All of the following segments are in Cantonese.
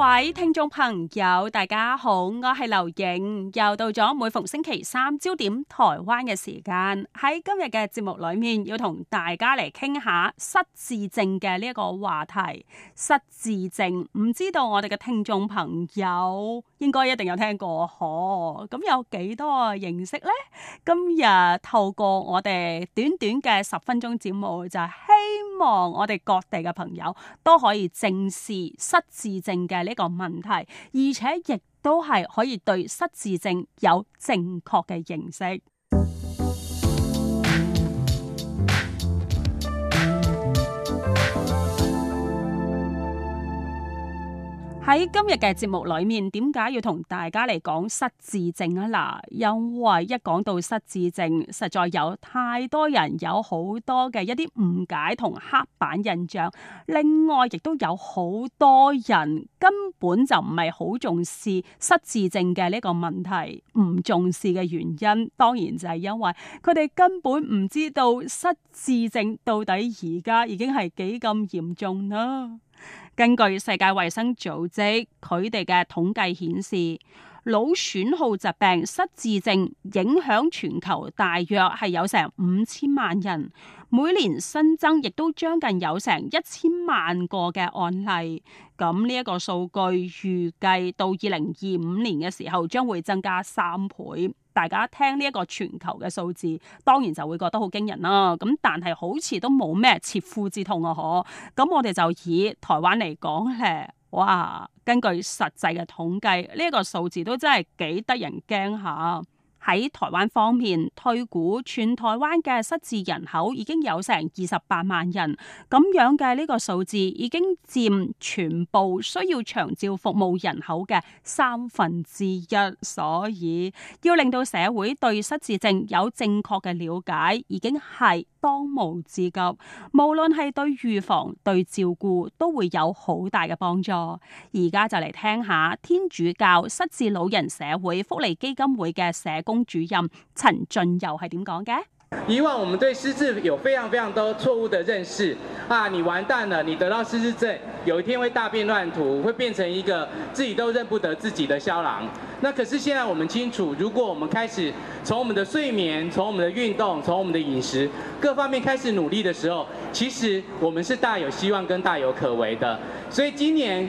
各位聽眾朋友，大家好，我係劉穎，又到咗每逢星期三焦點台灣嘅時間。喺今日嘅節目裏面，要同大家嚟傾下失智症嘅呢一個話題。失智症，唔知道我哋嘅聽眾朋友應該一定有聽過，嗬，咁有幾多認識咧？今日透過我哋短短嘅十分鐘節目，就希。希望我哋各地嘅朋友都可以正視失智症嘅呢個問題，而且亦都係可以對失智症有正確嘅認識。喺今日嘅節目裏面，點解要同大家嚟講失智症啊？嗱，因為一講到失智症，實在有太多人有好多嘅一啲誤解同刻板印象。另外，亦都有好多人根本就唔係好重視失智症嘅呢個問題，唔重視嘅原因，當然就係因為佢哋根本唔知道失智症到底而家已經係幾咁嚴重啦。根據世界衛生組織佢哋嘅統計顯示，腦損耗疾病失智症影響全球大約係有成五千萬人，每年新增亦都將近有成一千萬個嘅案例。咁呢一個數據預計到二零二五年嘅時候，將會增加三倍。大家聽呢一個全球嘅數字，當然就會覺得好驚人啦。咁但係好似都冇咩切膚之痛啊，嗬，咁我哋就以台灣嚟講咧，哇！根據實際嘅統計，呢一個數字都真係幾得人驚嚇。喺台灣方面，推估全台灣嘅失智人口已經有成二十八萬人，咁樣嘅呢個數字已經占全部需要長照服務人口嘅三分之一，所以要令到社會對失智症有正確嘅了解，已經係當務之急。無論係對預防、對照顧都會有好大嘅幫助。而家就嚟聽下天主教失智老人社會福利基金會嘅社。公主任陳俊佑係點講嘅？以往我們對失智有非常非常多錯誤的認識啊！你完蛋了，你得到失智症，有一天會大便亂塗，會變成一個自己都認不得自己的痟郎。那可是現在我們清楚，如果我們開始從我們的睡眠、從我們的運動、從我們的飲食各方面開始努力的時候，其實我們是大有希望跟大有可為的。所以今年。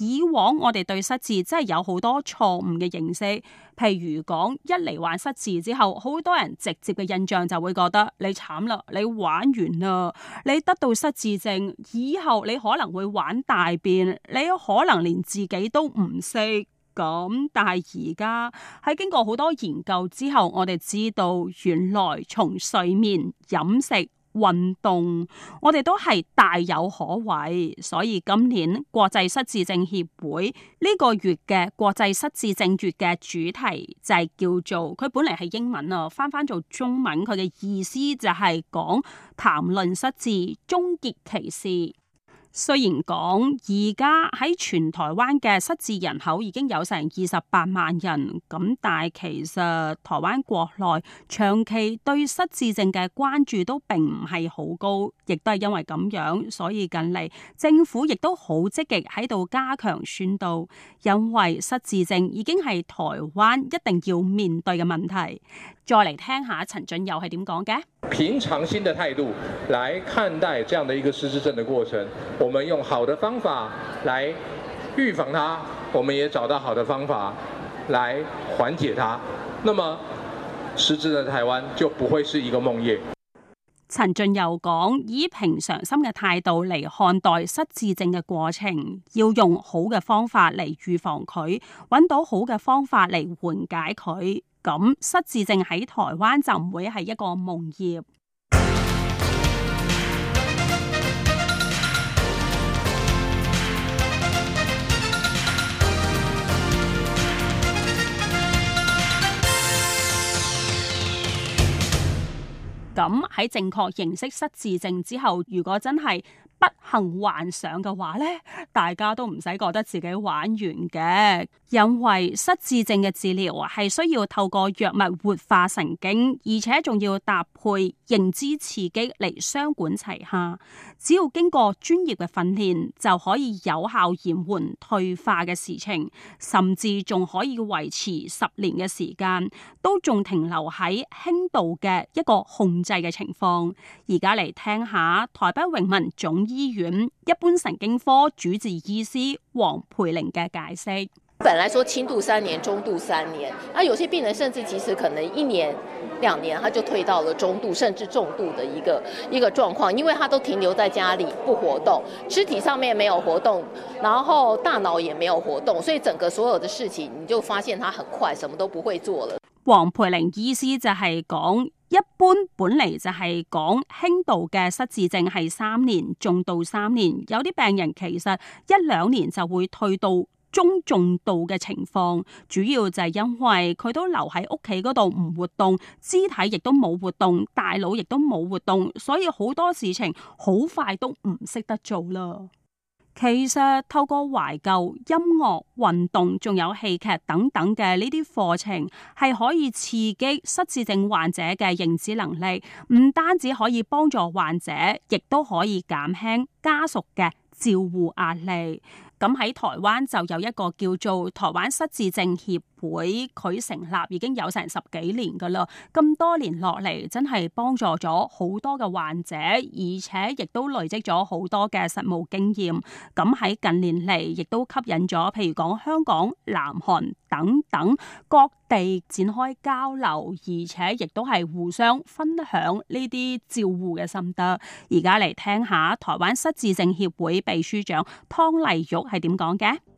以往我哋對失智真係有好多錯誤嘅認識，譬如講一嚟玩失智之後，好多人直接嘅印象就會覺得你慘啦，你玩完啦，你得到失智症，以後你可能會玩大便，你可能連自己都唔識咁。但係而家喺經過好多研究之後，我哋知道原來從睡眠飲食、運動，我哋都係大有可為，所以今年國際失智症協會呢個月嘅國際失智症月嘅主題就係叫做，佢本嚟係英文啊，翻翻做中文，佢嘅意思就係講「談論失智，終結歧視」。雖然講而家喺全台灣嘅失智人口已經有成二十八萬人，咁但係其實台灣國內長期對失智症嘅關注都並唔係好高，亦都係因為咁樣，所以近嚟政府亦都好積極喺度加強宣導，因為失智症已經係台灣一定要面對嘅問題。再嚟聽下陳俊佑係點講嘅？平常心嘅態度來看待這樣的一個失智症的過程，我們用好的方法來預防它，我們也找到好的方法來緩解它。那麼失智的台灣就不會是一個夢魘。陳俊佑講以平常心嘅態度嚟看待失智症嘅過程，要用好嘅方法嚟預防佢，揾到好嘅方法嚟緩解佢。咁失智症喺台灣就唔會係一個夢魘。咁喺 正確認識失智症之後，如果真係。不幸患上嘅話咧，大家都唔使覺得自己玩完嘅，因為失智症嘅治療係需要透過藥物活化神經，而且仲要搭配認知刺激嚟雙管齊下。只要經過專業嘅訓練，就可以有效延緩退化嘅事情，甚至仲可以維持十年嘅時間，都仲停留喺輕度嘅一個控制嘅情況。而家嚟聽下台北榮民總。醫院一般神經科主治醫師王培寧嘅解釋：本來說輕度三年，中度三年，而、啊、有些病人甚至其實可能一年、兩年，他就退到了中度甚至重度的一個一個狀況，因為他都停留在家裏不活動，肢體上面沒有活動，然後大腦也沒有活動，所以整個所有的事情你就發現他很快什麼都不會做了。王培寧醫師就係講。一般本嚟就係講輕度嘅失智症係三年，重度三年。有啲病人其實一兩年就會退到中重度嘅情況，主要就係因為佢都留喺屋企嗰度唔活動，肢體亦都冇活動，大腦亦都冇活動，所以好多事情好快都唔識得做啦。其實透過懷舊、音樂、運動，仲有戲劇等等嘅呢啲課程，係可以刺激失智症患者嘅認知能力，唔單止可以幫助患者，亦都可以減輕家屬嘅照顧壓力。咁喺台灣就有一個叫做台灣失智症協會佢成立已經有成十幾年噶啦咁多年落嚟真係幫助咗好多嘅患者，而且亦都累積咗好多嘅實務經驗。咁喺近年嚟，亦都吸引咗譬如講香港、南韓等等各地展開交流，而且亦都係互相分享呢啲照護嘅心得。而家嚟聽下台灣失智症協會秘書長湯麗玉係點講嘅。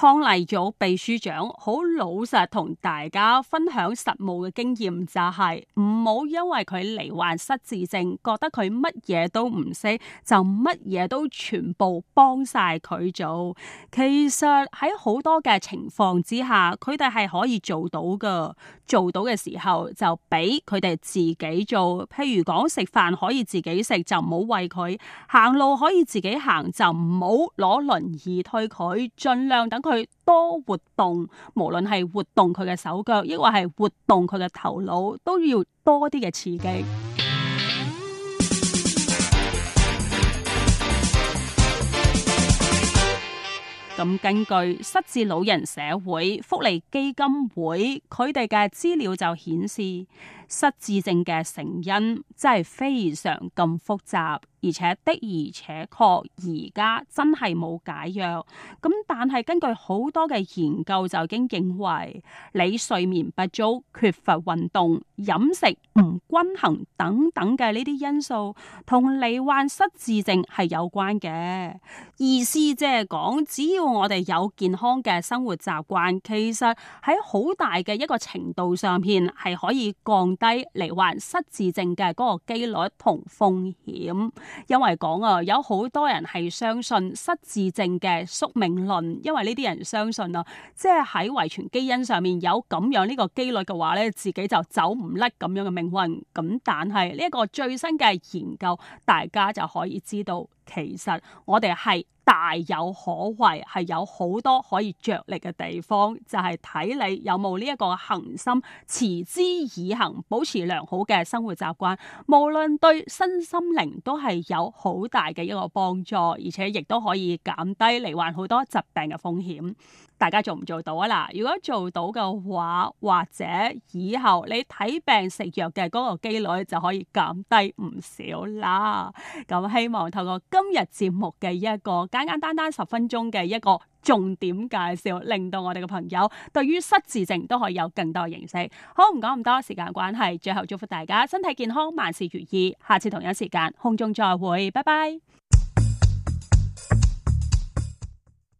康麗祖秘書長好老實同大家分享實務嘅經驗，就是，就係唔好因為佢罹患失智症，覺得佢乜嘢都唔識，就乜嘢都全部幫晒佢做。其實喺好多嘅情況之下，佢哋係可以做到噶。做到嘅時候就俾佢哋自己做。譬如講，食飯可以自己食，就唔好餵佢；行路可以自己行，就唔好攞輪椅推佢。盡量等去多活動，無論係活動佢嘅手腳，亦或係活動佢嘅頭腦，都要多啲嘅刺激。咁 根據失智老人社會福利基金會佢哋嘅資料就顯示。失智症嘅成因真係非常咁複雜，而且的而且確而家真係冇解藥。咁但係根據好多嘅研究就已經認為，你睡眠不足、缺乏運動、飲食唔均衡等等嘅呢啲因素，同你患失智症係有關嘅。意思即係講，只要我哋有健康嘅生活習慣，其實喺好大嘅一個程度上面係可以降。低罹患失智症嘅嗰個機率同風險，因為講啊，有好多人係相信失智症嘅宿命論，因為呢啲人相信啊，即係喺遺傳基因上面有咁樣呢個機率嘅話咧，自己就走唔甩咁樣嘅命運。咁但係呢一個最新嘅研究，大家就可以知道，其實我哋係。大有可為，係有好多可以着力嘅地方，就係睇你有冇呢一個恒心，持之以恒，保持良好嘅生活習慣，無論對身心靈都係有好大嘅一個幫助，而且亦都可以減低罹患好多疾病嘅風險。大家做唔做到啊？嗱，如果做到嘅話，或者以後你睇病食藥嘅嗰個機率就可以減低唔少啦。咁希望透過今日節目嘅一個簡簡單單十分鐘嘅一個重點介紹，令到我哋嘅朋友對於失智症都可以有更多認識。好，唔講咁多，時間關係，最後祝福大家身體健康，萬事如意。下次同樣時間空中再會，拜拜。